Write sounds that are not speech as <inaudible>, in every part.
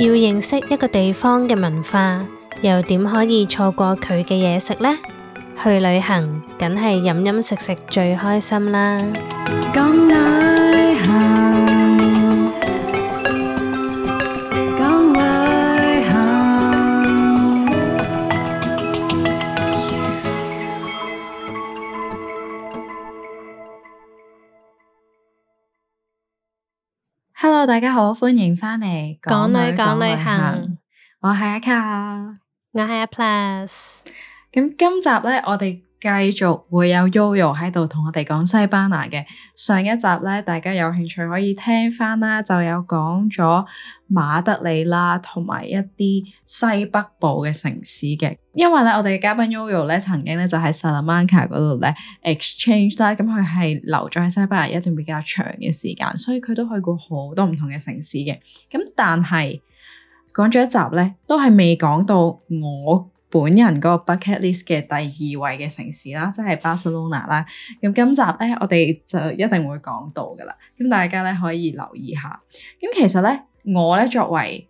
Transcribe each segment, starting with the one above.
要認識一個地方嘅文化，又點可以錯過佢嘅嘢食呢？去旅行，梗係飲飲食食最開心啦。大家好，歡迎翻嚟講旅講旅行。我係阿卡，我係阿 Plus。咁今集咧，我哋。繼續會有 Yoyo 喺度同我哋講西班牙嘅。上一集咧，大家有興趣可以聽翻啦，就有講咗馬德里啦，同埋一啲西北部嘅城市嘅。因為咧，我哋嘅嘉賓 Yoyo 咧，曾經咧就喺薩拉曼卡嗰度咧 exchange 啦，咁佢係留咗喺西班牙一段比較長嘅時間，所以佢都去過好多唔同嘅城市嘅。咁但係講咗一集咧，都係未講到我本人嗰個 bucket list 嘅第二位嘅城市啦，即係巴塞隆納啦。咁今集咧，我哋就一定會講到噶啦。咁大家咧可以留意下。咁其實咧，我咧作為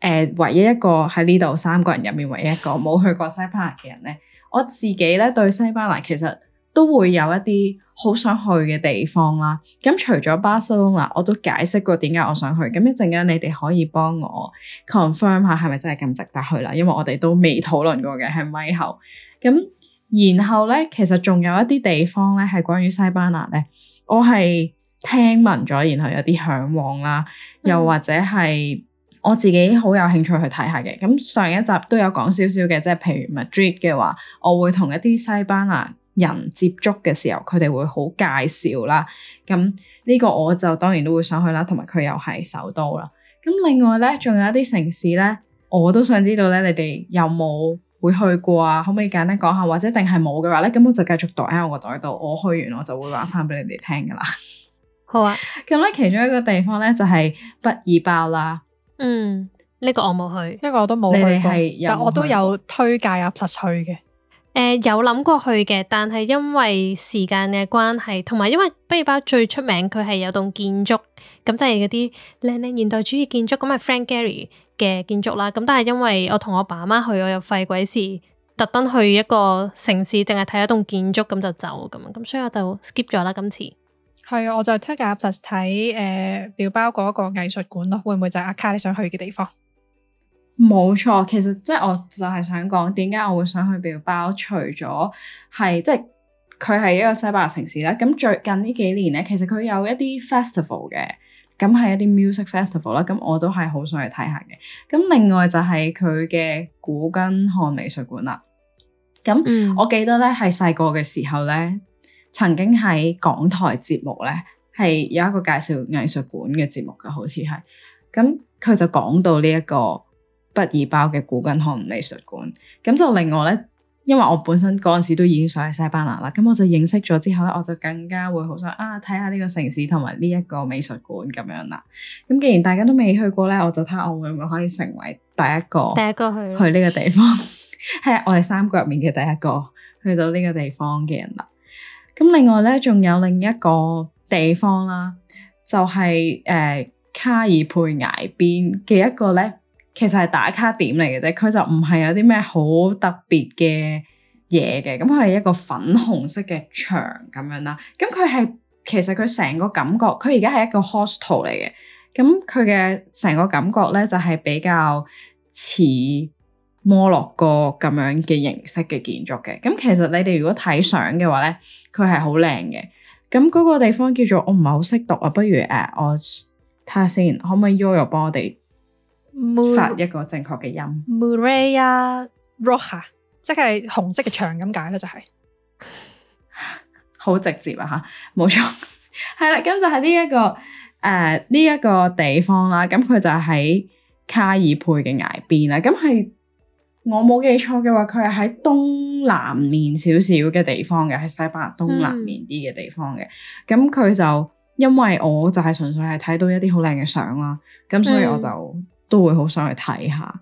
誒、呃、唯一一個喺呢度三個人入面唯一一個冇去過西班牙嘅人咧，我自己咧對西班牙其實～都會有一啲好想去嘅地方啦。咁除咗巴塞隆拿，我都解釋過點解我想去。咁一陣間你哋可以幫我 confirm 下係咪真係咁值得去啦？因為我哋都未討論過嘅，係咪？好，咁。然後咧，其實仲有一啲地方咧係關於西班牙咧，我係聽聞咗，然後有啲嚮往啦，又或者係我自己好有興趣去睇下嘅。咁、嗯、上一集都有講少少嘅，即係譬如 Madrid 嘅話，我會同一啲西班牙人接觸嘅時候，佢哋會好介紹啦。咁呢個我就當然都會想去啦，同埋佢又係首都啦。咁另外呢，仲有一啲城市呢，我都想知道呢，你哋有冇會去過啊？可唔可以簡單講下，或者定係冇嘅話呢，咁我就繼續袋喺我袋度。我去完我就會講返俾你哋聽㗎啦。好啊，咁呢其中一個地方呢，就係畢爾包啦。嗯，呢、呢個我冇去，呢個我都冇去過，有有去我都有推介阿、啊、實去嘅。誒、呃，有諗過去嘅，但係因為時間嘅關係，同埋因為畢爾包最出名，佢係有棟建築，咁即係嗰啲靚靚現代主義建築，咁係 Frank Gehry 嘅建築啦。咁但係因為我同我爸媽去，我又廢鬼事，特登去一個城市淨係睇一棟建築咁就走，咁，咁所以我就 skip 咗啦，今次。係啊，我就係推介，睇誒表包嗰個藝術館咯，會唔會就係阿卡你想去嘅地方？冇錯，其實即係我就係想講點解我會想去表包，除咗係即係佢係一個西班牙城市啦。咁最近呢幾年咧，其實佢有一啲 festival 嘅，咁係一啲 music festival 啦。咁我都係好想去睇下嘅。咁另外就係佢嘅古根漢美術館啦。咁我記得咧係細個嘅時候咧，曾經喺港台節目咧係有一個介紹藝術館嘅節目嘅，好似係。咁佢就講到呢一個。畢爾包嘅古根漢美術館，咁就另外呢，因為我本身嗰陣時都已經想去西班牙啦，咁我就認識咗之後呢，我就更加會好想啊睇下呢個城市同埋呢一個美術館咁樣啦。咁既然大家都未去過呢，我就睇下我會唔會可以成為第一個第一個去去呢個地方，係 <laughs> 我哋三個入面嘅第一個去到呢個地方嘅人啦。咁另外呢，仲有另一個地方啦，就係、是、誒、呃、卡爾佩崖邊嘅一個呢。其實係打卡點嚟嘅啫，佢就唔係有啲咩好特別嘅嘢嘅。咁佢係一個粉紅色嘅牆咁樣啦。咁佢係其實佢成個感覺，佢而家係一個 hostel 嚟嘅。咁佢嘅成個感覺呢就係比較似摩洛哥咁樣嘅形式嘅建築嘅。咁其實你哋如果睇相嘅話呢，佢係好靚嘅。咁嗰個地方叫做我唔係好識讀啊，不如誒我睇下先，可唔可以 Yoyo 幫我哋？發一個正確嘅音，Muralla Roja，即係紅色嘅牆咁解啦，就係好直接啊吓，冇錯，係 <laughs> 啦，咁就係呢一個誒呢一個地方啦，咁佢就喺卡爾佩嘅崖邊啦，咁係我冇記錯嘅話，佢係喺東南面少少嘅地方嘅，喺西班牙東南面啲嘅地方嘅，咁佢、嗯、就因為我就係純粹係睇到一啲好靚嘅相啦，咁所以我就、嗯。都會好想去睇下，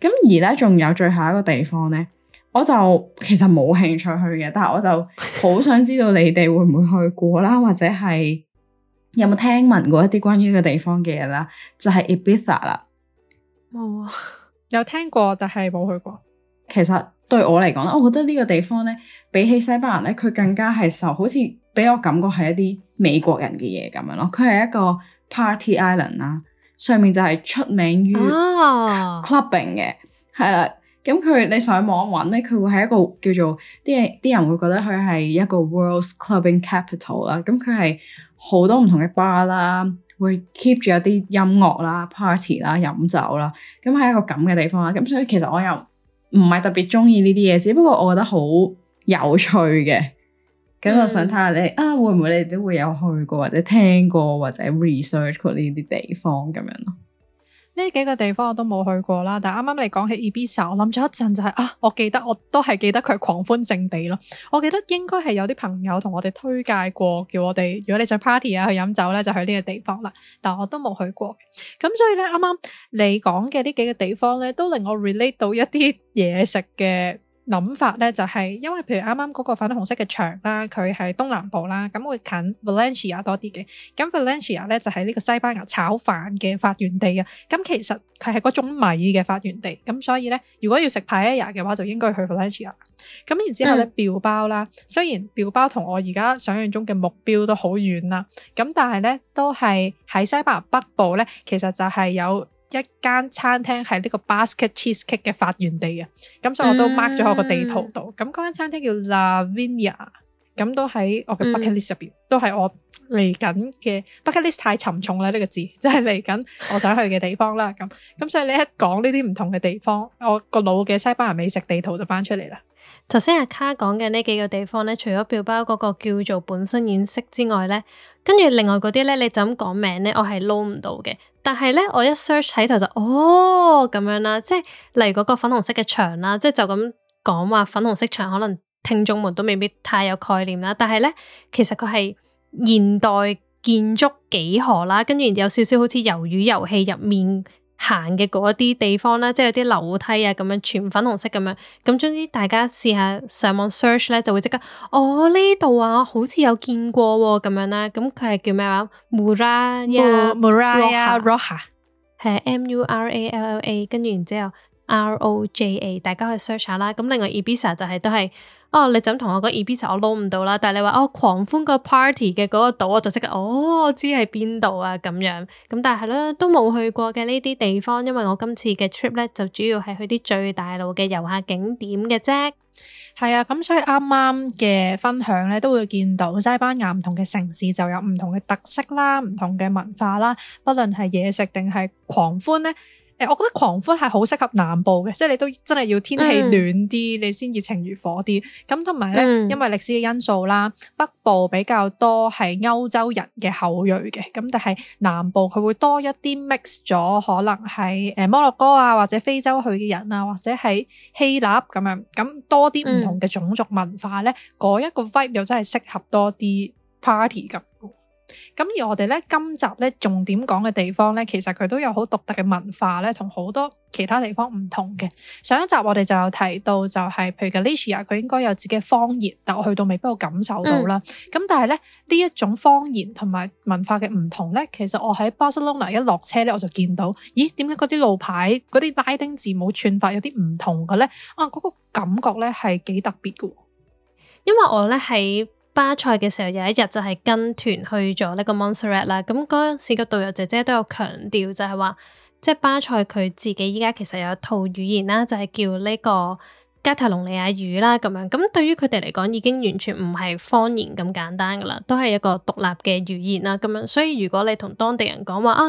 咁而咧仲有最後一個地方咧，我就其實冇興趣去嘅，但係我就好想知道你哋會唔會去過啦，或者係有冇聽聞過一啲關於呢個地方嘅嘢啦？就係 Ibiza 啦，冇啊、哦，有聽過，但係冇去過。其實對我嚟講，我覺得呢個地方咧，比起西班牙咧，佢更加係受好似畀我感覺係一啲美國人嘅嘢咁樣咯，佢係一個 party island 啦。上面就係出名於 clubbing 嘅，係啦、啊，咁佢你上網揾咧，佢會係一個叫做啲人啲人會覺得佢係一個 world clubbing capital 啦，咁佢係好多唔同嘅 bar 啦，會 keep 住有啲音樂啦、party 啦、飲酒啦，咁係一個咁嘅地方啦，咁所以其實我又唔係特別鍾意呢啲嘢，只不過我覺得好有趣嘅。咁、嗯、我想睇下你啊，會唔會你哋都會有去過或者聽過或者 research 過呢啲地方咁樣咯？呢幾個地方我都冇去過啦，但係啱啱你講起 Ibiza，i 我諗咗一陣就係、是、啊，我記得我都係記得佢係狂歡聖地咯。我記得應該係有啲朋友同我哋推介過，叫我哋如果你想 party 啊去飲酒咧，就去呢個地方啦。但我都冇去過，咁所以咧，啱啱你講嘅呢幾個地方咧，都令我 relate 到一啲嘢食嘅。諗法咧就係、是，因為譬如啱啱嗰個粉紅色嘅牆啦，佢喺東南部啦，咁會近 Valencia 多啲嘅。咁 Valencia 咧就係呢個西班牙炒飯嘅發源地啊。咁其實佢係嗰種米嘅發源地，咁所以咧如果要食 paella 嘅話，就應該去 Valencia。咁然之後咧饃、嗯、包啦，雖然饃包同我而家想像中嘅目標都好遠啦，咁但係咧都係喺西班牙北部咧，其實就係有，一間餐廳係呢個 basket cheesecake 嘅發源地啊，咁、嗯、所以我都 mark 咗我個地圖度。咁嗰、嗯、間餐廳叫 Lavinia，咁都喺我嘅 bucket list 入邊，嗯、都係我嚟緊嘅 bucket list 太沉重啦，呢、這個呢個字即係嚟緊我想去嘅地方啦。咁咁 <laughs> 所以你一講呢啲唔同嘅地方，我個腦嘅西班牙美食地圖就翻出嚟啦。頭先阿卡講嘅呢幾個地方咧，除咗表包嗰個叫做本身演色之外咧，跟住另外嗰啲咧，你就咁講名咧，我係撈唔到嘅。但係咧，我一 search 喺度就，哦咁樣啦，即係例如嗰個粉紅色嘅牆啦，即係就咁講話粉紅色牆，可能聽眾們都未必太有概念啦。但係咧，其實佢係現代建築幾何啦，跟住有少少好似魷魚遊戲入面。行嘅嗰啲地方啦，即係有啲樓梯啊，咁樣全粉紅色咁樣，咁總之大家試下上網 search 咧，就會即刻，哦呢度啊，好似有見過喎，咁樣啦，咁佢係叫咩話？Muralla Roja 係 M U R A L A，跟住然之後。R O J A，大家可以 search 下啦。咁另外 E B I S A 就係都係哦，你就咁同我講 E B I S A，我撈唔到啦。但係你話哦，狂歡個 party 嘅嗰個島我就即刻哦，知喺邊度啊咁樣。咁但係咧都冇去過嘅呢啲地方，因為我今次嘅 trip 咧就主要係去啲最大路嘅遊客景點嘅啫。係啊，咁所以啱啱嘅分享咧都會見到西班牙唔同嘅城市就有唔同嘅特色啦，唔同嘅文化啦，不論係嘢食定係狂歡咧。誒，我覺得狂歡係好適合南部嘅，即係你都真係要天氣暖啲，你先熱情如火啲。咁同埋咧，因為歷史嘅因素啦，北部比較多係歐洲人嘅後裔嘅，咁但係南部佢會多一啲 mix 咗，可能係誒摩洛哥啊或者非洲去嘅人啊，或者係希臘咁樣，咁多啲唔同嘅種族文化咧，嗰一個 vibe 又真係適合多啲 party 咁。咁而我哋咧今集咧重點講嘅地方咧，其實佢都有好獨特嘅文化咧，同好多其他地方唔同嘅。上一集我哋就有提到，就是，就係譬如 Galicia，佢應該有自己嘅方言，但我去到未必我感受到啦。咁，嗯、但係咧呢一種方言同埋文化嘅唔同咧，其實我喺 Barcelona 一落車咧，我就見到，咦，點解嗰啲路牌嗰啲拉丁字母串法有啲唔同嘅咧？啊，嗰，那個感覺咧係幾特別嘅，因為我咧喺。巴塞嘅時候有一日就係跟團去咗呢個 Montserrat 啦，咁嗰陣時個導遊姐姐都有強調就係話，即係巴塞佢自己依家其實有一套語言啦，就係叫呢個加泰隆尼亞語啦咁樣，咁對於佢哋嚟講已經完全唔係方言咁簡單噶啦，都係一個獨立嘅語言啦咁樣，所以如果你同當地人講話啊。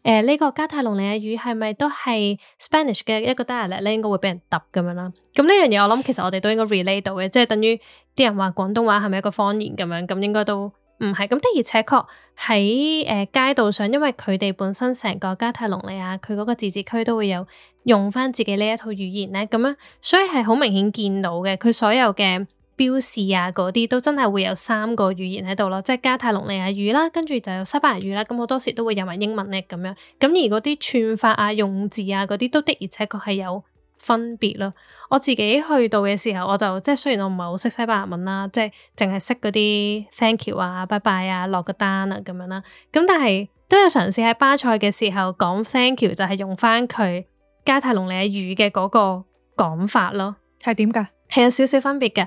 誒呢、呃這個加泰隆尼亞語係咪都係 Spanish 嘅一個 dialect 咧？應該會俾人揼咁樣啦。咁呢樣嘢我諗其實我哋都應該 relate 到嘅，即係等於啲人話廣東話係咪一個方言咁樣？咁應該都唔係。咁的而且確喺誒街道上，因為佢哋本身成個加泰隆尼亞佢嗰個自治區都會有用翻自己呢一套語言咧。咁樣所以係好明顯見到嘅，佢所有嘅。標示啊，嗰啲都真係會有三個語言喺度咯，即係加泰隆尼亞語啦，跟住就有西班牙語啦，咁好多時都會有埋英文呢，咁樣。咁而嗰啲串法啊、用字啊嗰啲都的而且確係有分別咯。我自己去到嘅時候，我就即係雖然我唔係好識西班牙文啦，即係淨係識嗰啲 thank you 啊、拜拜啊、落個單啊咁樣啦。咁但係都有嘗試喺巴塞嘅時候講 thank you，就係用翻佢加泰隆尼亞語嘅嗰個講法咯。係點㗎？係有少少分別嘅，誒、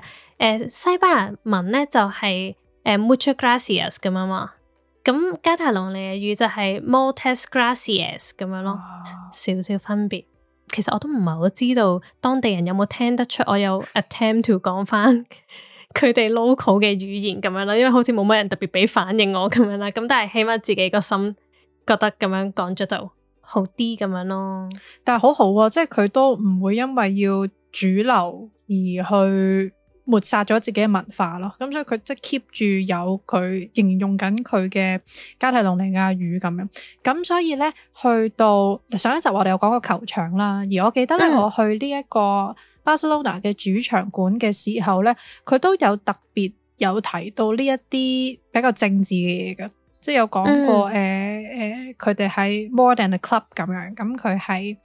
uh, 西班牙文咧就係、是、誒、uh, muchas gracias 咁啊嘛，咁加泰隆尼亞語就係 moltes gracias 咁樣咯，少少分別。其實我都唔係好知道當地人有冇聽得出我有 attempt to 講返佢哋 local 嘅語言咁樣啦，因為好似冇乜人特別俾反應我咁樣啦。咁但係起碼自己個心覺得咁樣講咗就好啲咁樣咯。但係好好啊，即係佢都唔會因為要主流，而去抹殺咗自己嘅文化咯，咁所以佢即係 keep 住有佢形容緊佢嘅加泰隆尼亞語咁樣。咁所以咧，去到上一集我哋有講過球場啦。而我記得咧，我去呢一個巴塞隆納嘅主場館嘅時候咧，佢 <coughs> 都有特別有提到呢一啲比較政治嘅嘢嘅，即係有講過誒誒，佢哋喺 <coughs> 呃呃，more than a club 咁樣，咁佢係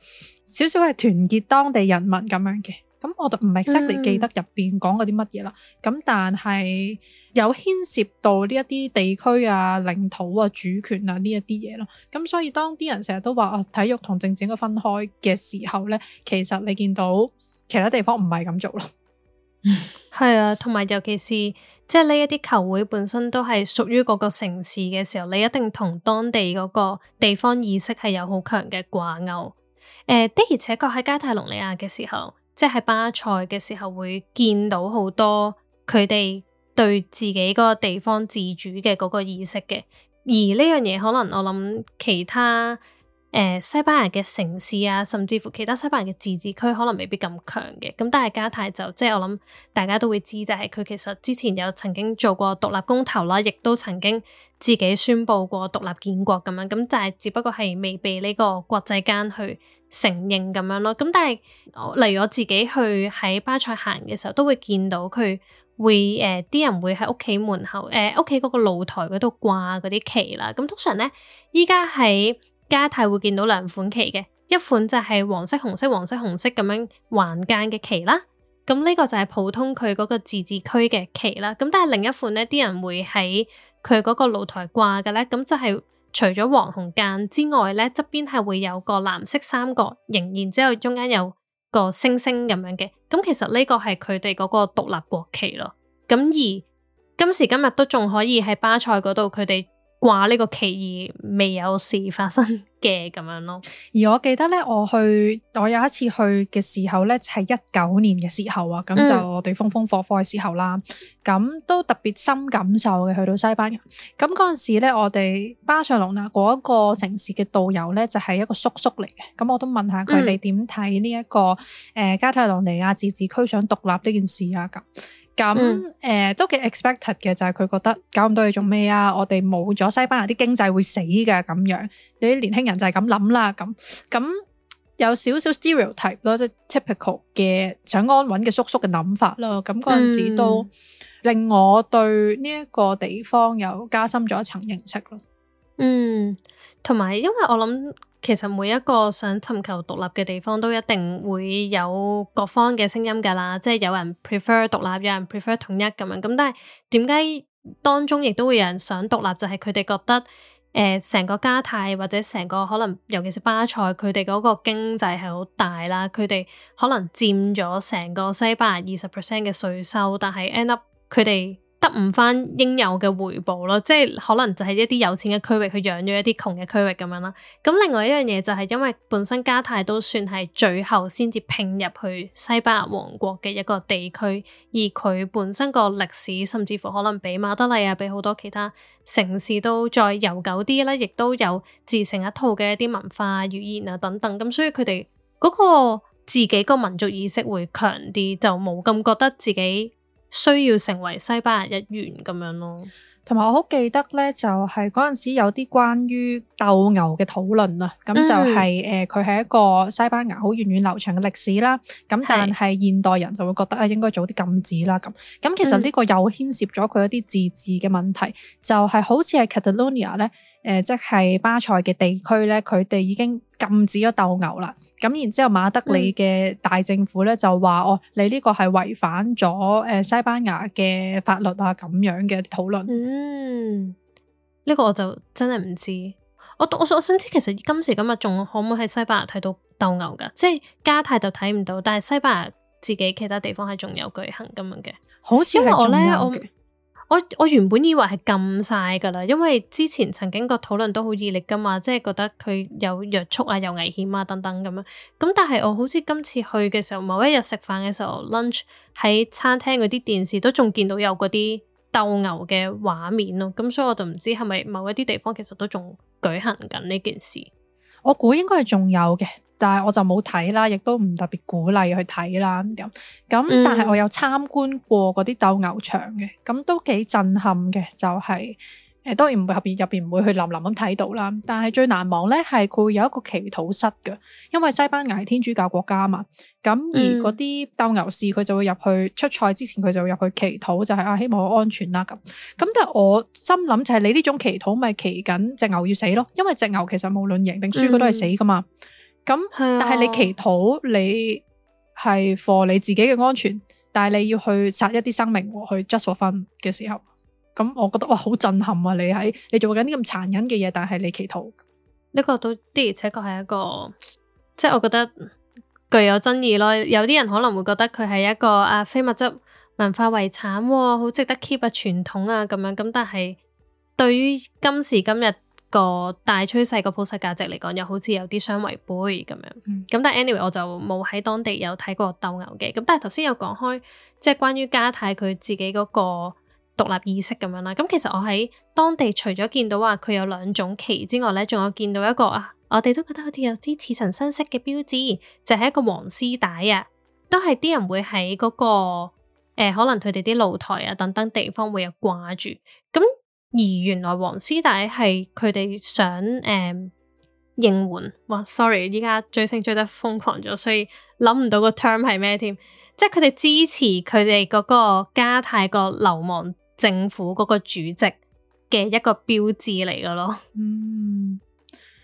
少少係團結當地人民咁樣嘅。咁我就唔 exactly 記得入邊講嗰啲乜嘢啦。咁、嗯、但係有牽涉到呢一啲地區啊、領土啊、主權啊呢一啲嘢咯。咁、啊、所以當啲人成日都話啊，體育同政治應該分開嘅時候呢，其實你見到其他地方唔係咁做咯。係 <laughs> <laughs> 啊，同埋尤其是即係呢一啲球會本身都係屬於嗰個城市嘅時候，你一定同當地嗰個地方意識係有好強嘅掛鈎。誒的而且確喺加泰隆尼亞嘅時候。即係巴塞嘅時候會見到好多佢哋對自己嗰個地方自主嘅嗰個意識嘅，而呢樣嘢可能我諗其他誒、呃、西班牙嘅城市啊，甚至乎其他西班牙嘅自治區可能未必咁強嘅，咁但係加泰就即係我諗大家都會知，就係佢其實之前有曾經做過獨立公投啦，亦都曾經自己宣佈過獨立建國咁樣，咁但係只不過係未被呢個國際間去承認咁樣咯，咁但係例如我自己去喺巴塞行嘅時候，都會見到佢會誒啲、呃、人會喺屋企門口誒屋企嗰個露台嗰度掛嗰啲旗啦。咁通常呢，依家喺加泰會見到兩款旗嘅，一款就係黃色、紅色、黃色、紅色咁樣橫間嘅旗啦。咁呢個就係普通佢嗰個自治區嘅旗啦。咁但係另一款呢，啲人會喺佢嗰個露台掛嘅呢，咁就係、是。除咗黃紅間之外咧，側邊係會有個藍色三角，然然之後中間有個星星咁樣嘅，咁其實呢個係佢哋嗰個獨立國旗咯。咁而今時今日都仲可以喺巴塞嗰度，佢哋掛呢個旗而未有事發生。嘅咁樣咯，而我記得咧，我去我有一次去嘅時候咧，係一九年嘅時候啊，咁、嗯、就我哋風風火火嘅時候啦，咁都特別深感受嘅去到西班牙，咁嗰陣時咧，我哋巴塞隆拿嗰一個城市嘅導遊咧，就係一個叔叔嚟嘅，咁我都問下佢哋點睇呢一個誒、嗯呃、加泰羅尼亞自治區想獨立呢件事啊咁。咁誒都幾 expected 嘅，就係佢覺得搞咁多嘢做咩啊？我哋冇咗西班牙啲經濟會死噶咁樣，你啲年輕人就係咁諗啦。咁咁有少少 stereotype 咯，即係 typical 嘅想安穩嘅叔叔嘅諗法咯。咁嗰陣時都令我對呢一個地方又加深咗一層認識咯。嗯，同埋因為我諗。其實每一個想尋求獨立嘅地方都一定會有各方嘅聲音㗎啦，即係有人 prefer 獨立，有人 prefer 統一咁樣。咁但係點解當中亦都會有人想獨立，就係佢哋覺得誒成個加泰或者成個可能，尤其是巴塞佢哋嗰個經濟係好大啦，佢哋可能佔咗成個西班牙二十 percent 嘅稅收，但係 end up 佢哋。得唔翻應有嘅回報咯，即係可能就係一啲有錢嘅區域去養咗一啲窮嘅區域咁樣啦。咁另外一樣嘢就係因為本身加泰都算係最後先至併入去西班牙王國嘅一個地區，而佢本身個歷史甚至乎可能比馬德里啊，比好多其他城市都再悠久啲啦，亦都有自成一套嘅一啲文化、語言啊等等。咁所以佢哋嗰個自己個民族意識會強啲，就冇咁覺得自己。需要成為西班牙一員咁樣咯，同埋我好記得咧，就係嗰陣時有啲關於鬥牛嘅討論啦。咁就係、是、誒，佢係、嗯呃、一個西班牙好源遠、遠流長嘅歷史啦。咁但係現代人就會覺得啊、呃，應該早啲禁止啦咁。咁其實呢個又牽涉咗佢一啲自治嘅問題，嗯、就係好似係 Catalonia 咧、呃，誒即係巴塞嘅地區咧，佢哋已經禁止咗鬥牛啦。咁然之後，馬德里嘅大政府咧就話：嗯、哦，你呢個係違反咗誒西班牙嘅法律啊！咁樣嘅討論，嗯，呢、呢個我就真係唔知。我我，我，我想知其實今時今日仲可唔可以喺西班牙睇到鬥牛㗎？即係加泰就睇唔到，但係西班牙自己其他地方係仲有舉行咁樣嘅。好似係中央嘅。我我原本以為係禁晒㗎啦，因為之前曾經個討論都好熱烈㗎嘛，即係覺得佢有約束啊、有危險啊等等咁樣。咁但係我好似今次去嘅時候，某一日食飯嘅時候，lunch 喺餐廳嗰啲電視都仲見到有嗰啲鬥牛嘅畫面咯。咁所以我就唔知係咪某一啲地方其實都仲舉行緊呢件事。我估應該係仲有嘅，但係我就冇睇啦，亦都唔特別鼓勵去睇啦咁。咁但係我有參觀過嗰啲鬥牛場嘅，咁都幾震撼嘅，就係、是。誒，當然唔會入邊入邊唔會去淋淋咁睇到啦。但係最難忘咧係佢會有一個祈禱室嘅，因為西班牙係天主教國家嘛。咁而嗰啲鬥牛士佢就會入去出賽之前佢就會入去祈禱，就係、是、啊，希望我安全啦咁。咁但係我心諗就係你呢種祈禱咪祈緊隻牛要死咯，因為隻牛其實無論贏定輸佢都係死噶嘛。咁、嗯、但係你祈禱你係 for 你自己嘅安全，但係你要去殺一啲生命去 just for fun 嘅時候。咁、嗯、我覺得哇，好震撼啊！你喺你做緊啲咁殘忍嘅嘢，但係你祈禱，呢個都的而且確係一個，即係我覺得具有爭議咯。有啲人可能會覺得佢係一個啊非物質文化遺產、啊，好值得 keep 啊傳統啊咁樣。咁但係對於今時今日個大趨勢個普世價值嚟講，又好似有啲相違背咁樣。咁、嗯、但係 anyway，我就冇喺當地有睇過鬥牛嘅。咁但係頭先有講開，即係關於加泰佢自己嗰、嗰個。獨立意識咁樣啦，咁其實我喺當地除咗見到話佢有兩種旗之外呢，仲有見到一個啊，我哋都覺得好似有啲似曾相識嘅標誌，就係、是、一個黃絲帶啊，都係啲人會喺嗰、那個、呃、可能佢哋啲露台啊等等地方會有掛住。咁而原來黃絲帶係佢哋想誒、嗯、應援。哇，sorry，依家追星追得瘋狂咗，所以諗唔到個 term 係咩添，即係佢哋支持佢哋嗰個加泰個流亡政府嗰個主席嘅一個標誌嚟嘅咯，嗯，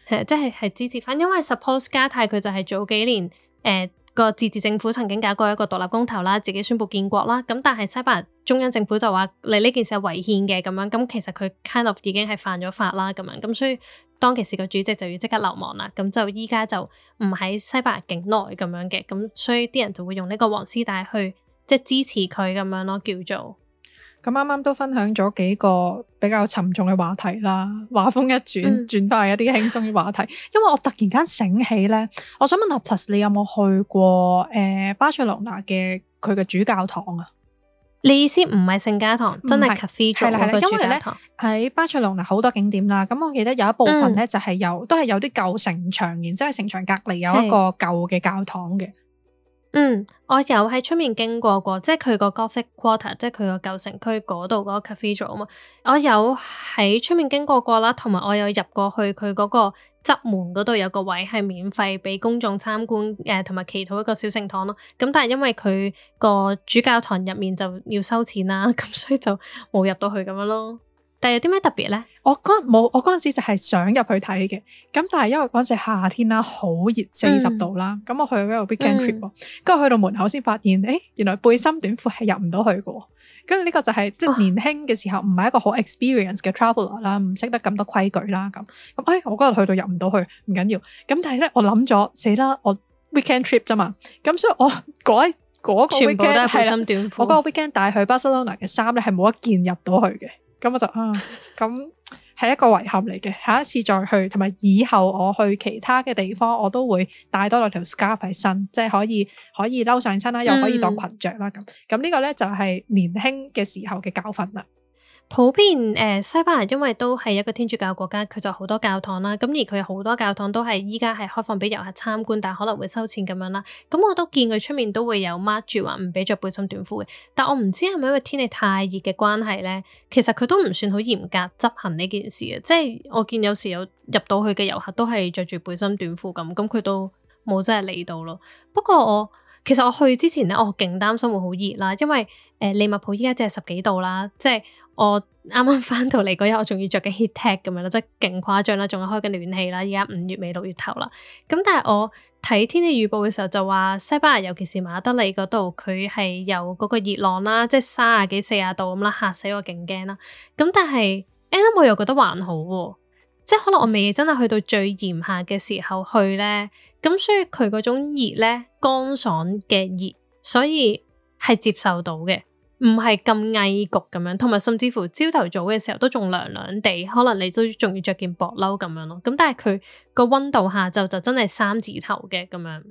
係即係係支持翻，因為 suppose 加泰佢就係早幾年誒、呃、個自治政府曾經搞過一個獨立公投啦，自己宣布建國啦，咁但係西班牙中央政府就話你呢件事係違憲嘅咁樣，咁其實佢 kind of 已經係犯咗法啦咁樣，咁所以當其時個主席就要即刻流亡啦，咁就依家就唔喺西班牙境內咁樣嘅，咁所以啲人就會用呢個黃絲帶去即係、就是、支持佢咁樣咯，叫做。咁啱啱都分享咗幾個比較沉重嘅話題啦，畫風一轉，嗯、轉翻一啲輕鬆嘅話題。因為我突然間醒起咧， <laughs> 我想問阿 Plus，你有冇去過誒巴塞隆那嘅佢嘅主教堂啊？你意思唔係聖家堂，是真係 cathedral 係啦，因為咧喺巴塞隆那好多景點啦。咁我記得有一部分咧、嗯、就係有，都係有啲舊城牆，然之後城牆隔離有一個舊嘅教堂嘅。嗯，我有喺出面經過過，即係佢個 Gothic Quarter，即係佢個舊城區嗰度嗰個 Cathedral 啊嘛，我有喺出面經過過啦，同埋我有入過去佢嗰個側門嗰度有個位係免費俾公眾參觀，誒、呃，同埋祈禱一個小聖堂咯。咁但係因為佢個主教堂入面就要收錢啦，咁 <laughs> 所以就冇入到去咁樣咯。但係有啲咩特別咧？我嗰日冇，我嗰陣時就係想入去睇嘅，咁但係因為嗰陣時夏天啦，好熱，四十度啦，咁、嗯、我去咗一個 weekend trip，跟住去到門口先發現，誒、欸、原來背心短褲係入唔到去嘅，跟住呢個就係即係年輕嘅時候唔係一個好 experience 嘅 traveler 啦、啊，唔識得咁多規矩啦，咁，咁誒、欸、我嗰日去到入唔到去，唔緊要，咁但係咧我諗咗，死啦，我 weekend trip 啫嘛，咁所以我嗰嗰、個背心短褲我嗰個 weekend 帶去巴塞隆納嘅衫咧係冇一件入到去嘅。咁我就啊，咁係一個遺憾嚟嘅。下一次再去，同埋以後我去其他嘅地方，我都會帶多兩條 scarf 喺身，即係可以可以褸上身啦，又可以當裙着啦，咁咁呢個咧就係、是、年輕嘅時候嘅教訓啦。普遍誒、呃，西班牙因為都係一個天主教國家，佢就好多教堂啦。咁而佢好多教堂都係依家係開放俾遊客參觀，但可能會收錢咁樣啦。咁我都見佢出面都會有 mark 住話唔俾着背心短褲嘅。但我唔知係咪因為天氣太熱嘅關係呢？其實佢都唔算好嚴格執行呢件事嘅。即係我見有時有入到去嘅遊客都係着住背心短褲咁，咁佢都冇真係嚟到咯。不過我其實我去之前呢，我勁擔心會好熱啦，因為誒、呃、利物浦依家只係十幾度啦，即係。我啱啱翻到嚟嗰日，我仲要着緊 heattech 咁樣啦，即係勁誇張啦，仲有開緊暖氣啦。而家五月尾六月頭啦，咁但係我睇天氣預報嘅時候就話西班牙，尤其是馬德里嗰度，佢係有嗰個熱浪啦，即係三十幾四十度咁啦，嚇死我，勁驚啦。咁但係 end up 我又覺得還好喎，即係可能我未真係去到最炎夏嘅時候去呢。咁所以佢嗰種熱呢，乾爽嘅熱，所以係接受到嘅。唔係咁翳焗咁樣，同埋甚至乎朝頭早嘅時候都仲涼涼地，可能你都仲要着件薄褸咁樣咯。咁但係佢個溫度下晝就，就真係三字頭嘅咁樣。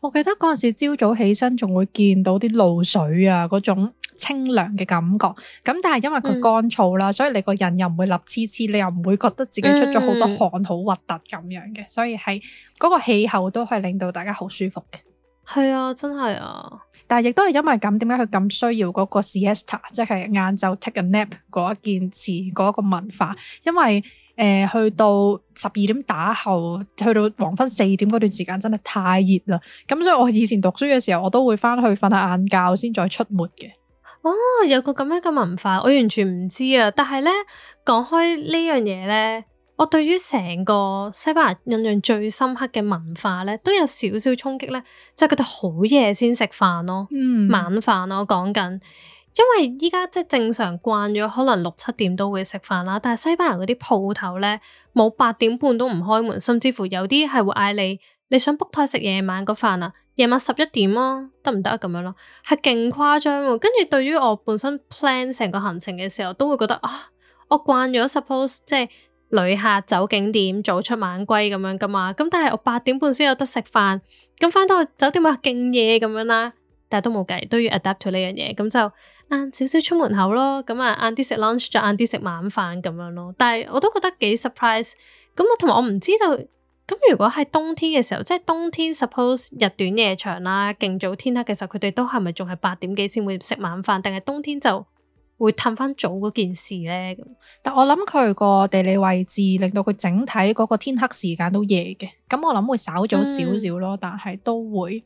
我記得嗰陣時朝早起身仲會見到啲露水啊，嗰種清涼嘅感覺。咁但係因為佢乾燥啦，嗯、所以你個人又唔會立黐黐，你又唔會覺得自己出咗好多汗好核突咁樣嘅。嗯、所以係嗰個氣候都係令到大家好舒服嘅。係啊，真係啊！但係亦都係因為咁，點解佢咁需要嗰個 siesta 即係晏晝 take a nap 嗰一件事，嗰一個文化？因為誒、呃，去到十二點打後，去到黃昏四點嗰段時間，真係太熱啦！咁所以我以前讀書嘅時候，我都會翻去瞓下晏覺先再出沒嘅。哦，有個咁樣嘅文化，我完全唔知啊！但係咧，講開呢樣嘢咧。我對於成個西班牙印象最深刻嘅文化呢，都有少少衝擊呢，就係佢哋好夜先食飯咯，嗯、晚飯咯，講緊，因為依家即係正常慣咗，可能六七點都會食飯啦。但係西班牙嗰啲鋪頭呢，冇八點半都唔開門，甚至乎有啲係會嗌你，你想 book 台食夜晚嘅飯啊，夜晚十一點咯行行啊，得唔得咁樣咯？係勁誇張，跟住對於我本身 plan 成個行程嘅時候，都會覺得啊，我慣咗 suppose 即係。旅客走景點，早出晚歸咁樣噶嘛，咁但係我八點半先有得食飯，咁翻到酒店啊勁夜咁樣啦，但係都冇計，都要 adapt to 呢樣嘢，咁就晏少少出門口咯，咁啊晏啲食 lunch，再晏啲食晚飯咁樣咯，但係我都覺得幾 surprise，咁我同埋我唔知道，咁如果係冬天嘅時候，即係冬天 suppose 日短夜長啦，勁早天黑嘅時候，佢哋都係咪仲係八點幾先會食晚飯，定係冬天就？會褪翻早嗰件事呢，但我諗佢個地理位置令到佢整體嗰個天黑時間都夜嘅，咁我諗會稍早少少咯，嗯、但係都會誒、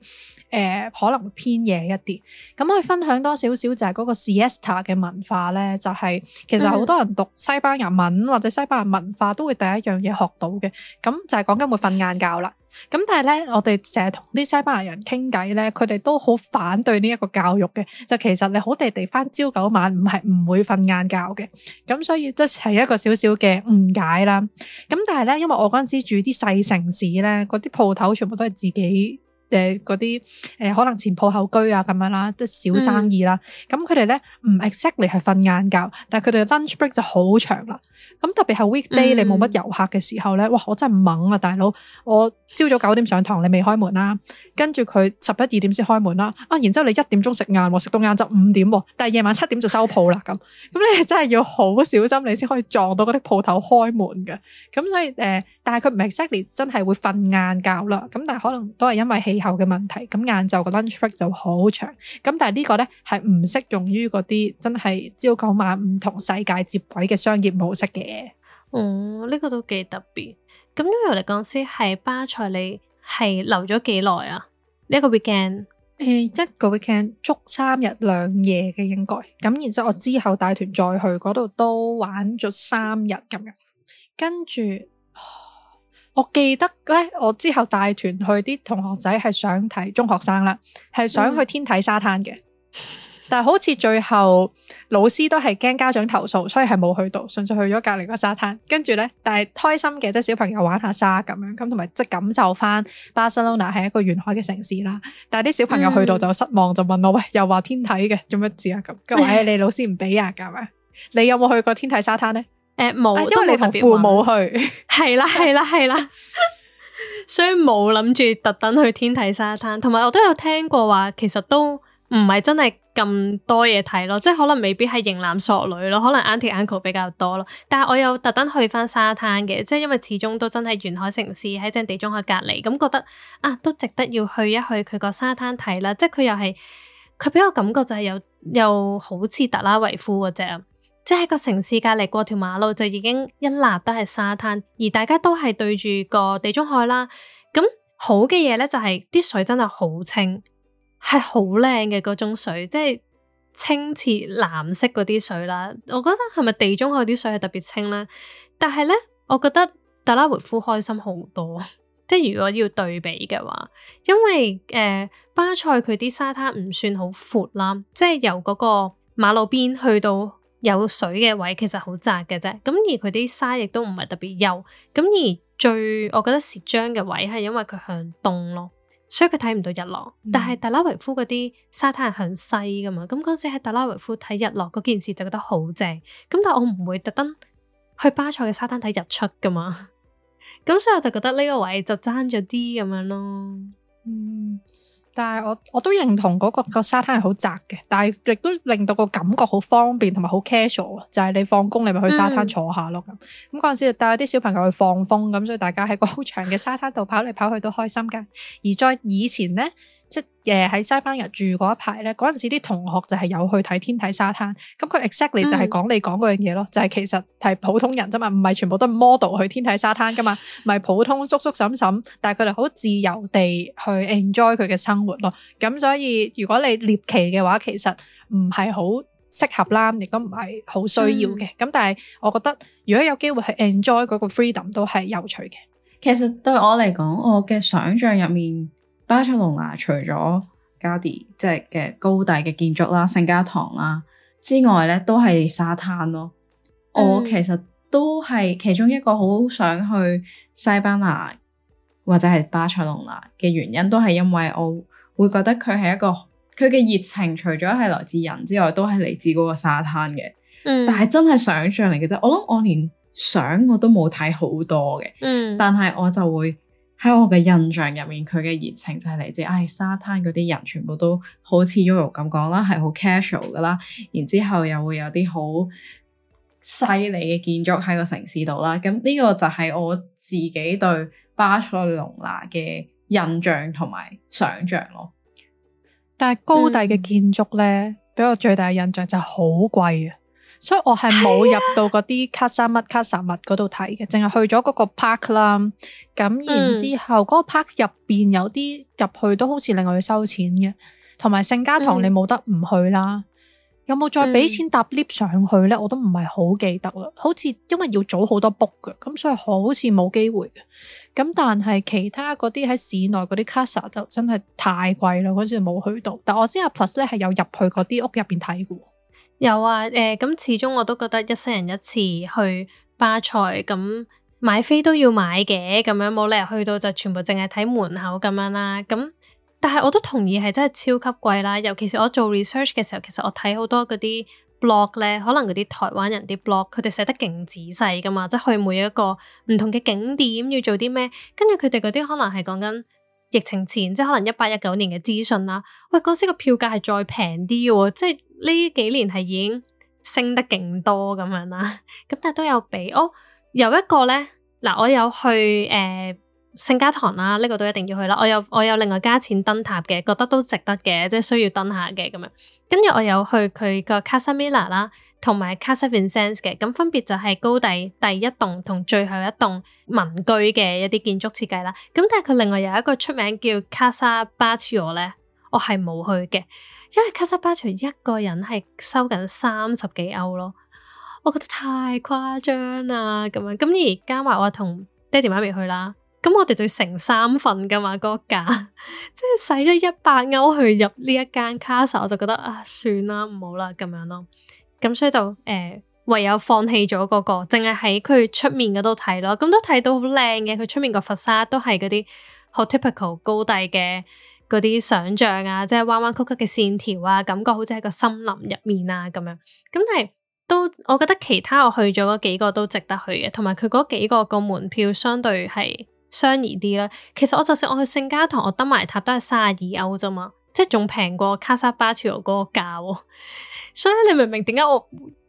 呃、可能偏夜一啲。咁可以分享多少少就係嗰個 siesta 嘅文化呢，就係、是、其實好多人讀西班牙文或者西班牙文化都會第一樣嘢學到嘅，咁就係講緊會瞓晏覺啦。咁但係咧，我哋成日同啲西班牙人傾偈咧，佢哋都好反對呢一個教育嘅，就其實你好地地返朝九晚五，唔係唔會瞓晏覺嘅，咁所以都係一個少少嘅誤解啦。咁但係咧，因為我嗰陣時住啲細城市咧，嗰啲鋪頭全部都係自己。誒，啲誒、呃，可能前鋪後居啊，咁樣啦，即係小生意啦。咁佢哋咧唔 exactly 係瞓晏覺，但係佢哋 lunch break 就好長啦。咁特別係 weekday 你冇乜遊客嘅時候咧，哇！我真係猛啊，大佬！我朝早九點上堂，你未開門啦，跟住佢十一二點先開門啦。啊，然之後你一點鐘食晏，食到晏就五點，但係夜晚七點就收鋪啦。咁咁 <laughs> 你真係要好小心，你先可以撞到嗰啲鋪頭開門嘅。咁所以誒。呃但係佢唔係 Sally 真係會瞓晏覺啦，咁但係可能都係因為氣候嘅問題，咁晏晝個 lunch break 就好長，咁但係呢個咧係唔適用於嗰啲真係朝九晚五，唔同世界接軌嘅商業模式嘅。哦，呢個都幾特別。咁因為我哋講，先係巴塞利係留咗幾耐啊？呢一個 weekend，誒，一個 weekend 足三日兩夜嘅應該。咁然之後我之後帶團再去嗰度都玩咗三日咁樣，跟住。我記得咧，我之後帶團去啲同學仔係想睇中學生啦，係想去天體沙灘嘅，但係好似最後老師都係驚家長投訴，所以係冇去到，純粹去咗隔籬個沙灘。跟住咧，但係開心嘅，即係小朋友玩下沙咁樣，咁同埋即係感受翻巴塞隆納係一個沿海嘅城市啦。但係啲小朋友去到就失望，就問我，喂，又話天體嘅做乜字？啊？咁，佢話誒，你老師唔俾？啊？咁樣，你有冇去過天體沙灘咧？誒，冇、呃、為都未同父母去，係啦係啦係啦， <laughs> 所以冇諗住特登去天體沙灘。同埋我都有聽過話，其實都唔係真係咁多嘢睇咯，即係可能未必係型男索女咯，可能 auntie uncle 比較多咯。但係我有特登去翻沙灘嘅，即係因為始終都真係沿海城市喺正地中海隔離，咁覺得啊，都值得要去一去佢個沙灘睇啦。即係佢又係佢俾我感覺就係有又好似特拉維夫嗰隻。即係個城市隔籬過條馬路就已經一粒都係沙灘，而大家都係對住個地中海啦。咁好嘅嘢呢，就係啲水真係好清，係好靚嘅嗰種水，即係清澈藍色嗰啲水啦。我覺得係咪地中海啲水係特別清呢？但係呢，我覺得特拉維夫開心好多。即係如果要對比嘅話，因為誒、呃、巴塞佢啲沙灘唔算好闊啦，即係由嗰個馬路邊去到。有水嘅位其實好窄嘅啫，咁而佢啲沙亦都唔係特別幼，咁而最我覺得蝕章嘅位係因為佢向東咯，所以佢睇唔到日落。嗯、但係特拉維夫嗰啲沙灘係向西噶嘛，咁嗰陣時喺特拉維夫睇日落嗰件事就覺得好正，咁但係我唔會特登去巴塞嘅沙灘睇日出噶嘛，咁 <laughs> 所以我就覺得呢個位就爭咗啲咁樣咯。嗯但係我我都認同嗰、嗰個、嗰個沙灘係好窄嘅，但係亦都令到個感覺好方便同埋好 casual，就係你放工你咪去沙灘坐下咯。咁嗰陣時帶啲小朋友去放風，咁所以大家喺個好長嘅沙灘度跑嚟跑去都開心噶。 <laughs> 而在以前呢。即係喺西班牙住嗰一排咧，嗰陣時啲同學就係有去睇天體沙灘，咁佢 exactly 就係講你講嗰樣嘢咯，就係其實係普通人啫嘛，唔係全部都 model 去天體沙灘噶嘛，咪普通叔叔嬸嬸，但係佢哋好自由地去 enjoy 佢嘅生活咯。咁所以如果你獵奇嘅話，其實唔係好適合啦，亦都唔係好需要嘅。咁但係我覺得如果有機會去 enjoy 嗰個 freedom 都係有趣嘅。其實對我嚟講，我嘅想象入面。巴塞隆那除咗 Gaudi 即係高大嘅建築啦，聖家堂啦之外咧，都係沙灘咯。嗯、我其實都係其中一個好想去西班牙或者係巴塞隆拿嘅原因，都係因為我會覺得佢係一個佢嘅熱情，除咗係來自人之外，都係嚟自嗰個沙灘嘅。嗯、但係真係想象嚟嘅啫。我諗我連相我都冇睇好多嘅。嗯、但係我就會。喺我嘅印象入面，佢嘅熱情就係嚟自唉、哎，沙灘嗰啲人全部都好似 Yoyo 咁講啦，係好 casual 㗎啦。然之後又會有啲好犀利嘅建築喺個城市度啦。咁呢個就係我自己對巴塞隆拿嘅印象同埋想像咯。但係高大嘅建築咧，俾、嗯、我最大嘅印象就係好貴啊。所以我係冇入到嗰啲卡沙乜卡沙乜嗰度睇嘅，淨係去咗嗰個 park 啦。咁然之後，嗰個 park 入邊有啲入去都好似另外要收錢嘅，同埋聖家堂你冇得唔去啦。嗯、有冇再俾錢搭 lift 上去呢？我都唔係好記得啦。好似因為要早好多 book 嘅，咁所以好似冇機會嘅。咁但係其他嗰啲喺市內嗰啲卡沙就真係太貴啦，嗰陣冇去到。但我知阿 Plus 咧係有入去嗰啲屋入邊睇嘅。有啊，誒、嗯，咁始終我都覺得一生人一次去巴塞，咁、嗯、買飛都要買嘅，咁樣冇理由去到就全部淨係睇門口咁樣啦。咁但係我都同意係真係超級貴啦。尤其是我做 research 嘅時候，其實我睇好多嗰啲 blog 咧，可能嗰啲台灣人啲 blog，佢哋寫得勁仔細噶嘛，即係去每一個唔同嘅景點要做啲咩，跟住佢哋嗰啲可能係講緊疫情前，即係可能一八一九年嘅資訊啦。喂，嗰時個票價係再平啲嘅喎，即係。呢幾年係已經升得勁多咁樣啦，咁但係都有比哦。有一個呢，嗱，我有去誒、呃、聖家堂啦，呢、這個都一定要去啦。我有我有另外加錢登塔嘅，覺得都值得嘅，即係需要登下嘅咁樣。跟住我有去佢個 Casa Mila 啦，同埋 Casa Vicens 嘅，咁分別就係高地第一棟同最後一棟民居嘅一啲建築設計啦。咁但係佢另外有一個出名叫 Casa Batlló 咧。我係冇去嘅，因為卡薩巴場一個人係收緊三十幾歐咯，我覺得太誇張啦咁樣。咁而加埋我同爹哋媽咪去啦，咁我哋就成三份噶嘛，嗰、那個、價即係使咗一百歐去入呢一間卡薩，我就覺得啊，算啦，唔好啦咁樣咯。咁所以就誒、呃、唯有放棄咗嗰、那個，淨係喺佢出面嗰度睇咯。咁都睇到好靚嘅，佢出面個佛沙都係嗰啲好 typical 高地嘅。嗰啲想象啊，即係彎彎曲曲嘅線條啊，感覺好似喺個森林入面啊咁樣。咁但係都，我覺得其他我去咗嗰幾個都值得去嘅，同埋佢嗰幾個個門票相對係相宜啲啦。其實我就算我去聖家堂，我登埋塔都係三十二歐啫嘛，即係仲平過卡薩巴圖嗰個價喎。 <laughs> 所以你明唔明點解我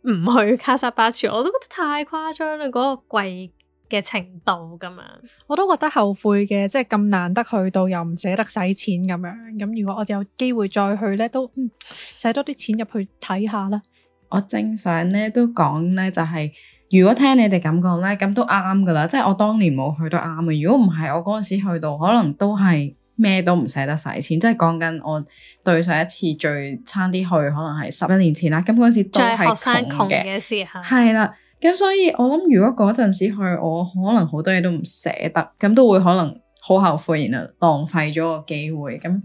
唔去卡薩巴圖？我都覺得太誇張啦，嗰、嗰個貴。嘅程度咁樣，我都覺得後悔嘅，即係咁難得去到，又唔捨得使錢咁樣。咁如果我哋有機會再去咧，都使、嗯、多啲錢入去睇下啦。我正常咧都講咧，就係、是、如果聽你哋咁講咧，咁都啱噶啦。即係我當年冇去都啱啊。如果唔係我嗰陣時去到，可能都係咩都唔捨得使錢。即係講緊我對上一次最差啲去，可能係十一年前啦。咁嗰陣時都係學生窮嘅時候，係啦。咁所以，我諗如果嗰陣時去，我可能好多嘢都唔捨得，咁都會可能好後悔，然後浪費咗個機會。咁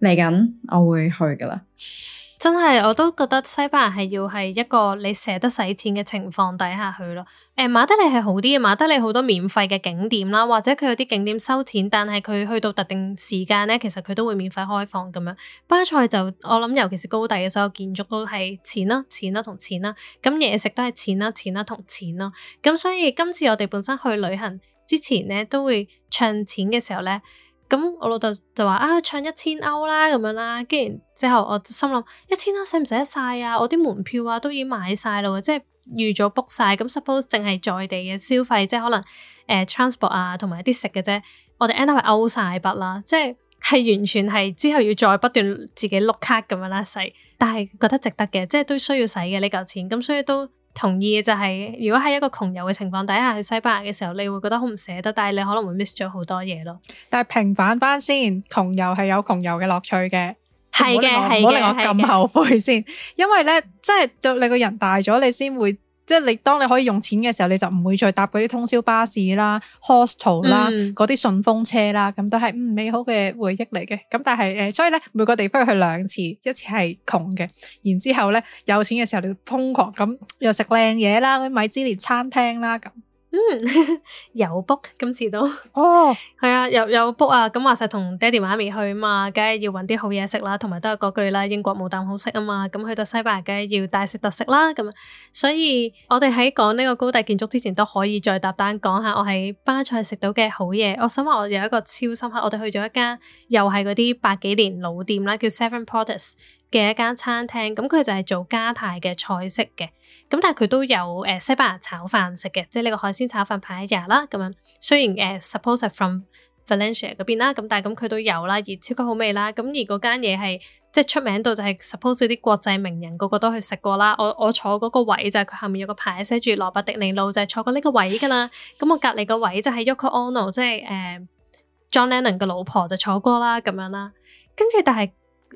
嚟緊我會去㗎喇。真係我都覺得西班牙係要係一個你捨得使錢嘅情況底下去咯。誒馬德里係好啲嘅，馬德里好多免費嘅景點啦，或者佢有啲景點收錢，但係佢去到特定時間呢，其實佢都會免費開放咁樣。巴塞就我諗，尤其是高第嘅所有建築都係錢啦、錢啦同錢啦。咁嘢食都係錢啦、錢啦同錢啦。咁所以今次我哋本身去旅行之前呢，都會唱錢嘅時候呢。咁我老豆就話啊，唱一千歐啦，咁樣啦，跟住之後我心諗，一千歐使唔使得晒啊？我啲門票啊都已經買晒啦，即係預咗 book 晒，咁 suppose 淨係在地嘅消費，即係可能誒 transport 啊，同埋一啲食嘅啫，我哋 end up 係 out 晒筆啦，即係係完全係之後要再不斷自己碌卡咁樣啦使，但係覺得值得嘅，即係都需要使嘅呢嚿錢，咁所以都。同意嘅就係、是，如果喺一個窮遊嘅情況底下去西班牙嘅時候，你會覺得好唔捨得，但係你可能會 miss 咗好多嘢咯。但係平反翻先，窮遊係有窮遊嘅樂趣嘅，係嘅的，唔好令我咁的後悔先。因為咧，即係到你個人大咗，你先會。即係你當你可以用錢嘅時候，你就唔會再搭嗰啲通宵巴士啦、hostel 啦、嗰啲順風車啦，咁都係嗯美好嘅回憶嚟嘅。咁但係誒、呃，所以咧每個地方去兩次，一次係窮嘅，然之後咧有錢嘅時候你就瘋狂，你瘋狂咁又食靚嘢啦，嗰啲米芝蓮餐廳啦咁。嗯，有 <laughs> book 今次都 <laughs> 哦，係啊，有有 book 啊，咁話晒同爹哋媽咪去啊嘛，梗係要揾啲好嘢食啦，同埋都係嗰句啦，英國冇啖好食啊嘛，咁、嗯、去到西班牙梗係要大食特食啦，咁、嗯，所以我哋喺講呢個高大建築之前都可以再搭單講下，我喺巴塞食到嘅好嘢。我想話我有一個超深刻，我哋去咗一間又係嗰啲百幾年老店啦，叫 Seven Porters 嘅一間餐廳，咁、嗯、佢就係做加泰嘅菜式嘅。咁但係佢都有誒、呃、西班牙炒飯食嘅，即係呢個海鮮炒飯排一日啦咁樣。雖然誒、呃、suppose 係 from Valencia 嗰邊啦，咁但係咁佢都有啦，而超級好味啦。咁而嗰間嘢係即係出名到就係、是、suppose 啲國際名人個個都去食過啦。我我坐嗰個位就係佢下面有個牌寫住羅伯迪尼路就係坐過呢個位噶啦。咁 <laughs> 我隔離個位就係 Yoko Ono，即係誒、呃、John Lennon an 嘅老婆就坐過啦咁樣啦。跟住但係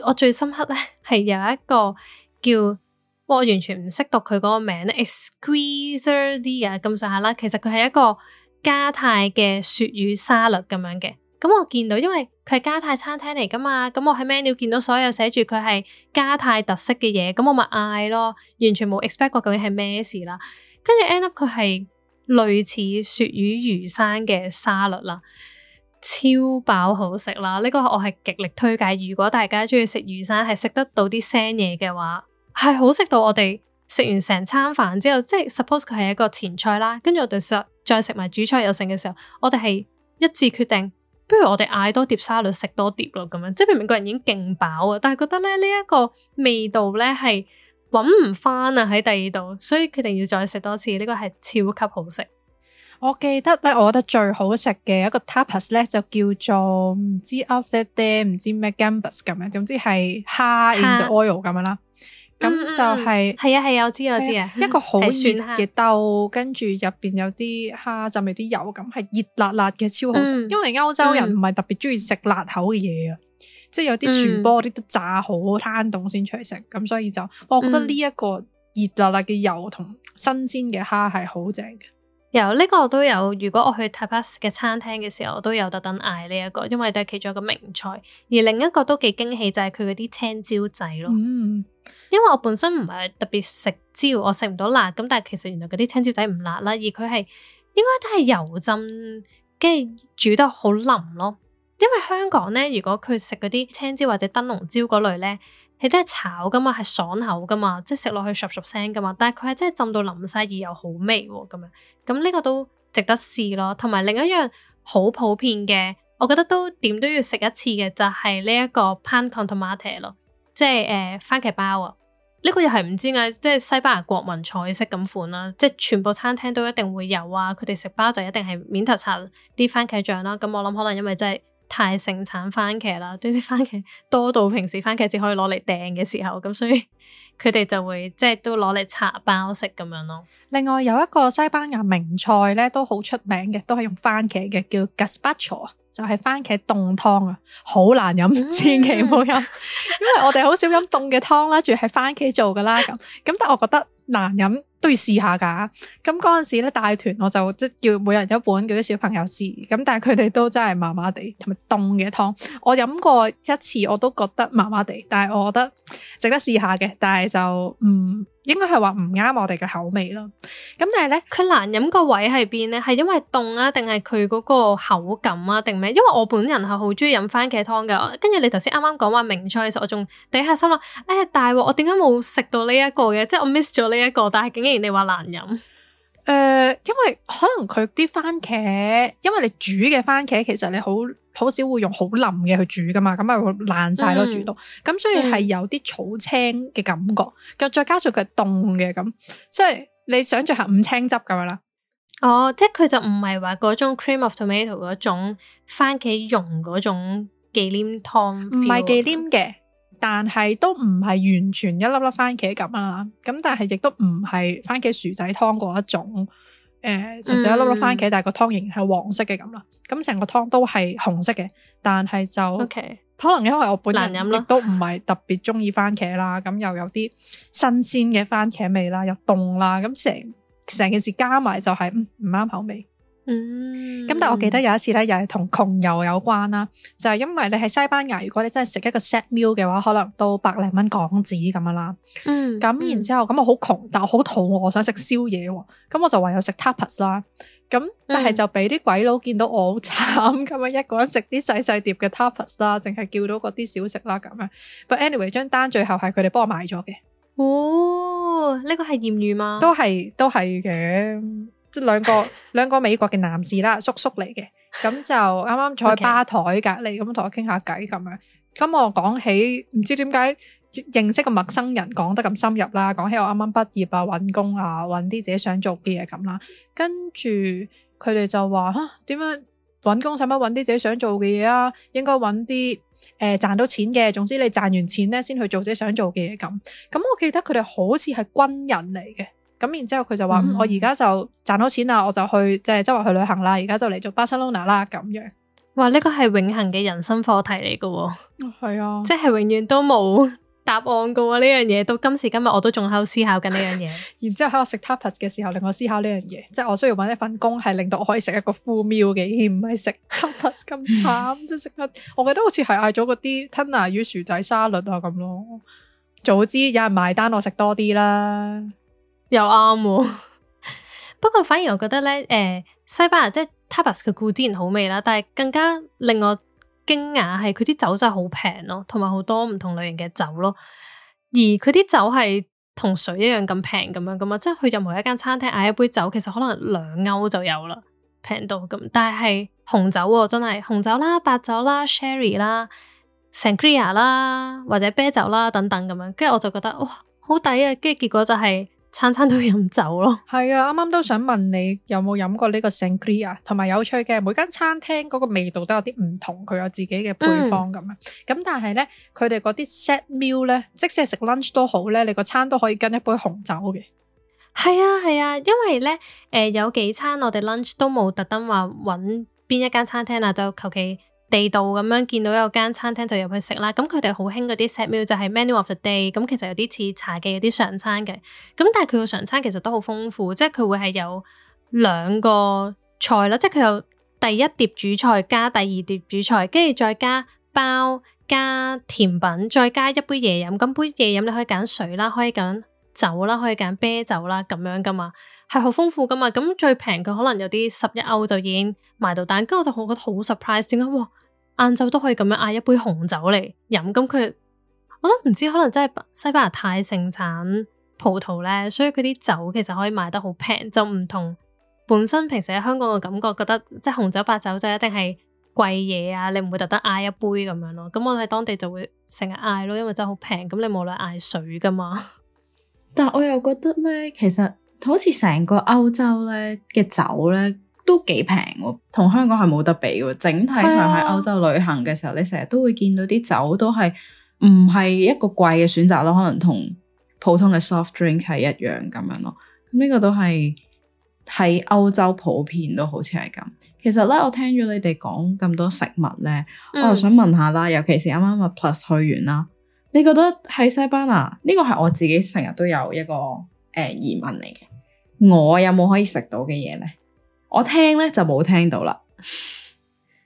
我最深刻咧係有一個叫。哦，我完全唔識讀佢嗰個名咧，esqueixada 啲啊，咁上下啦。其實佢係一個加泰嘅鱈魚沙律咁樣嘅。咁我見到，因為佢係加泰餐廳嚟㗎嘛，咁我喺 menu 見到所有寫住佢係加泰特色嘅嘢，咁我咪嗌咯。完全冇 expect 過究竟係咩事啦。跟住 end up 佢係類似鱈魚魚生嘅沙律啦，超飽好食啦。呢、這個我係極力推介。如果大家中意食魚生，係食得到啲腥嘢嘅話。係好食到我哋食完成餐飯之後，即係 suppose 佢係一個前菜啦。跟住我哋再食埋主菜有剩嘅時候，我哋係一致決定，不如我哋嗌多碟沙律，食多碟咯咁樣。即係明明個人已經勁飽啊，但係覺得咧呢一個味道咧係搵唔返啊喺第二度，所以決定要再食多次。呢個係超級好食。我記得咧，我覺得最好食嘅一個 tapas 咧就叫做唔知 offset 啲唔知咩 gambas 咁樣，總之係蝦 in the oil 咁樣啦。咁就係、係、係、 <music> 嗯嗯、啊係，我知我知啊。 <music> 一個好鮮嘅豆，跟住入邊有啲蝦浸埋啲油，咁係熱辣辣嘅，超好食。嗯嗯，因為歐洲人唔係特別鍾意食辣口嘅嘢啊，即係有啲船波啲都炸好攤凍先出嚟食，咁所以就我覺得呢一個熱辣辣嘅油同新鮮嘅蝦係好正嘅。有呢個都有。如果我去 Tapas 嘅餐廳嘅時候，我都有特登嗌呢一個，因為都係其中一個名菜。而另一個都幾驚喜，就係佢嗰啲青椒仔咯。因為我本身唔係特別食椒，我食唔到辣咁，但係其實原來嗰啲青椒仔唔辣啦，而佢係應該都係油浸，跟住煮得好腍咯。因為香港咧，如果佢食嗰啲青椒或者燈籠椒嗰類咧，係都係炒噶嘛，係爽口噶嘛，即係食落去唰唰聲噶嘛。但係佢係真係浸到腍晒而又好味喎咁樣。咁呢個都值得試咯。同埋另一樣好普遍嘅，我覺得都點都要食一次嘅，就係呢一個 pan con tomate 咯。即係誒、呃、番茄包啊！呢、呢個又係唔知點解。即係西班牙國民菜式咁款啦。即係全部餐廳都一定會有啊，佢哋食包就一定係面頭刷啲番茄醬啦。咁我諗可能因為真係太盛產番茄啦，啲番茄多到平時番茄只可以攞嚟掟嘅時候，咁所以佢哋就會即係都攞嚟刷包食咁樣咯。另外有一個西班牙名菜咧都好出名嘅，都係用番茄嘅，叫就係番茄凍湯啊，好難飲，千祈唔好飲， <laughs> 因為我哋好少飲凍嘅湯啦，仲係番茄做噶啦，咁但我覺得難飲。都要試下㗎、啊，咁嗰陣時咧帶團我就即叫每人一本，叫啲小朋友試，咁但係佢哋都真係麻麻地，同埋凍嘅湯，我飲過一次我都覺得麻麻地，但係我覺得值得試下嘅，但係就唔、嗯、應該係話唔啱我哋嘅口味咯。咁但係咧，佢難飲個位係邊咧？係因為凍啊，定係佢嗰個口感啊，定咩？因為我本人係好中意飲番茄湯嘅，跟住你頭先啱啱講話名菜嘅時候，我仲第下心諗，誒大鑊，我點解冇食到呢一個嘅？即係我 miss 咗呢、這、一個，但係既然你話難飲？誒、呃，因為可能佢啲番茄，因為你煮嘅番茄其實你好好少會用好腍嘅去煮噶嘛，咁咪會爛晒咯煮到，咁、嗯、所以係有啲草青嘅感覺，咁、嗯、再加上佢凍嘅咁，即係你想象下五青汁咁樣啦。哦，即係佢就唔係話嗰種 cream of tomato 嗰種番茄蓉嗰種忌廉湯，唔係忌廉嘅。但係都唔係完全一粒粒番茄咁啦，咁但係亦都唔係番茄薯仔湯嗰一種，誒、呃，純粹一粒粒番茄，嗯、但係個湯仍然係黃色嘅咁啦，咁成個湯都係紅色嘅，但係就 Okay. 可能因為我本人亦都唔係特別中意番茄啦，咁又有啲新鮮嘅番茄味啦，又凍啦，咁成成件事加埋就係唔啱口味。嗯，咁但係我記得有一次咧，又係同窮遊有關啦，嗯、就係因為你喺西班牙，如果你真係食一個 set meal 嘅話，可能都百零蚊港紙咁樣啦。嗯，咁然之後咁、嗯、我好窮，但我好肚餓，我想食宵夜喎，咁我就唯有食 tapas 啦。咁、嗯、但係就俾啲鬼佬見到我好慘，咁樣一個人食啲細細碟嘅 tapas 啦，淨係叫到嗰啲小食啦，咁樣。But、嗯、anyway，張單最後係佢哋幫我買咗嘅。哦，呢、這個係艷遇嗎？都係，都係嘅。兩個兩個美國嘅男士啦，叔叔嚟嘅，咁就啱啱坐喺吧台隔籬，咁同 Okay. 我傾下偈咁樣。咁我講起唔知點解認識個陌生人，講得咁深入啦。講起我啱啱畢業啊，搵工啊，搵啲自己想做嘅嘢咁啦。跟住佢哋就話吓，點樣啊，搵工，使乜搵啲自己想做嘅嘢啊？應該搵啲誒賺到錢嘅，總之你賺完錢咧，先去做自己想做嘅嘢咁。咁我記得佢哋好似係軍人嚟嘅。咁然之後，佢、嗯嗯、就話，我而家就賺到錢啦，我就去即係周圍去旅行啦。而家就嚟做 Barcelona 啦，咁樣。哇！呢、這個係永恆嘅人生課題嚟嘅喎，係、 <laughs> 嗯、啊，即係永遠都冇答案嘅喎呢樣嘢。到今時今日，我都仲喺度思考緊呢樣嘢。 <laughs> 然之後喺我食 Tapas 嘅時候，令我思考呢樣嘢，即係我需要揾一份工，係令到我可以食一個 full meal 嘅，而唔係食 Tapas 咁慘，即食得，我記得好似係嗌咗嗰啲吞拿魚薯仔沙律啊咁咯。早知有人埋單，我食多啲啦。又啱喎，不過反而我覺得咧，誒，西班牙即係 Tapas 嘅故，自然好味啦。但係更加令我驚訝係佢啲酒真係好平咯，同埋好多唔同類型嘅酒咯。而佢啲酒係同水一樣咁平咁樣噶嘛，即係去任何一間餐廳嗌一杯酒，其實可能兩歐就有啦，平到咁。但係紅酒喎，真係紅酒啦、白酒啦、Sherry 啦、Sangria 啦，或者啤酒啦等等咁樣，跟住我就覺得哇，好抵啊！跟住結果就係、是。餐餐都飲酒咯，係啊，啱啱都想問你有冇飲過呢個 Sangria 同埋有趣嘅每間餐廳嗰個味道都有啲唔同，佢有自己嘅配方咁啊。咁、嗯、但係呢，佢哋嗰啲 set meal 呢，即使係食 lunch 都好呢，你個餐都可以跟一杯紅酒嘅。係啊係啊，因為呢，誒、呃、有幾餐我哋 lunch 都冇特登話揾邊一間餐廳啊，就求其。地道咁樣見到有間餐廳就入去食啦，咁佢哋好興嗰啲 set meal 就係 menu of the day，咁其實有啲似茶記嗰啲常餐嘅，咁但係佢個常餐其實都好豐富，即係佢會係有兩個菜咯，即係佢有第一碟主菜加第二碟主菜，跟住再加包加甜品，再加一杯嘢飲，咁杯嘢飲你可以揀水啦，可以揀酒啦，可以揀啤酒啦，咁樣噶嘛，係好豐富噶嘛。咁最平佢可能有啲十一歐就已經買到單，跟住我就好覺得好 surprise，點解哇，晏晝都可以咁樣嗌一杯紅酒嚟飲？咁佢我都唔知，可能真係西班牙太盛產葡萄咧，所以佢啲酒其實可以賣得好平。就唔同本身平時喺香港嘅感覺，覺得即係紅酒、白酒就一定係貴嘢啊，你唔會特登嗌一杯咁樣咯。咁我喺當地就會成日嗌咯，因為真係好平。咁你無論嗌水噶嘛。但我又覺得呢，其實好似成個歐洲呢嘅酒呢都幾平喎，同香港係冇得比喎。整體上喺歐洲旅行嘅時候，的你成日都會見到啲酒都係唔係一個貴嘅選擇咯，可能同普通嘅 soft drink 係一樣咁樣咯。呢個都係喺歐洲普遍都好似係咁。其實呢，我聽咗你哋講咁多食物呢，嗯、我就想問，問下啦，尤其是啱啱阿 Plus 去完啦。你覺得喺西班牙呢個係，我自己成日都有一個誒疑問嚟嘅，我有冇可以食到嘅嘢呢？我聽呢就冇聽到啦。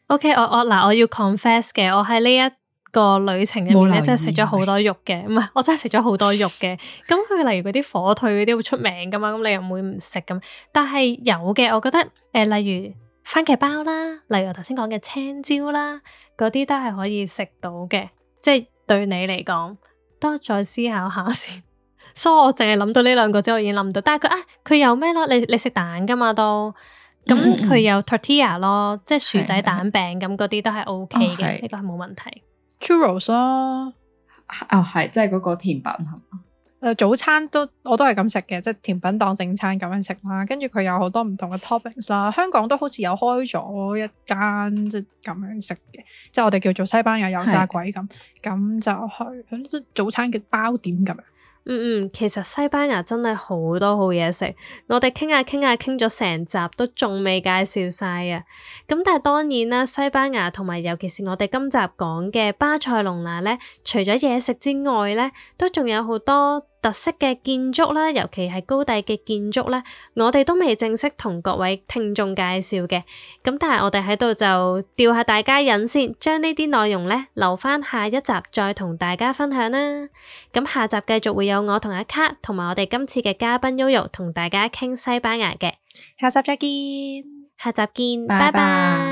Okay，我我嗱，我要 confess 嘅，我喺呢一個旅程入面咧，真係食咗好多肉嘅，唔係， <laughs> 我真係食咗好多肉嘅。咁佢 <laughs> 例如嗰啲火腿嗰啲會出名噶嘛？咁你又唔會唔食咁？但係有嘅，我覺得誒、呃，例如番茄包啦，例如頭先講嘅青椒啦，嗰啲都係可以食到嘅，即係。對你嚟講，都再思考下先。所 <laughs> 以、so, 我淨係諗到呢兩個啫，我已經諗唔到。但係佢啊，佢有咩咯？你你食蛋噶嘛都，咁佢有 tortilla 咯，即係薯仔蛋餅咁嗰啲都係 OK 嘅，呢個係冇問題。Churros 咯、啊，哦係，即係嗰個甜品係嘛？早餐都我都係咁食嘅，即係甜品當正餐咁樣食啦。跟住佢有好多唔同嘅 toppings 啦。香港都好似有開咗一間即係咁樣食嘅，即係我哋叫做西班牙油炸鬼咁。咁係就係佢早餐嘅包點咁樣。嗯嗯，其實西班牙真係好多好嘢食。我哋傾下傾下傾咗成集都仲未介紹晒啊。咁但係當然啦，西班牙同埋尤其是我哋今集講嘅巴塞隆拿呢，除咗嘢食之外呢，都仲有好多。特色嘅建築啦，尤其係高第嘅建築啦，我哋都未正式同各位聽眾介紹嘅。咁但係我哋喺度就吊下大家癮先，將呢啲內容呢留翻下一集再同大家分享啦。咁下集繼續會有我同阿卡，同埋我哋今次嘅嘉賓 Yoyo 同大家傾西班牙嘅。下集再見，下集見，拜拜 bye。Bye bye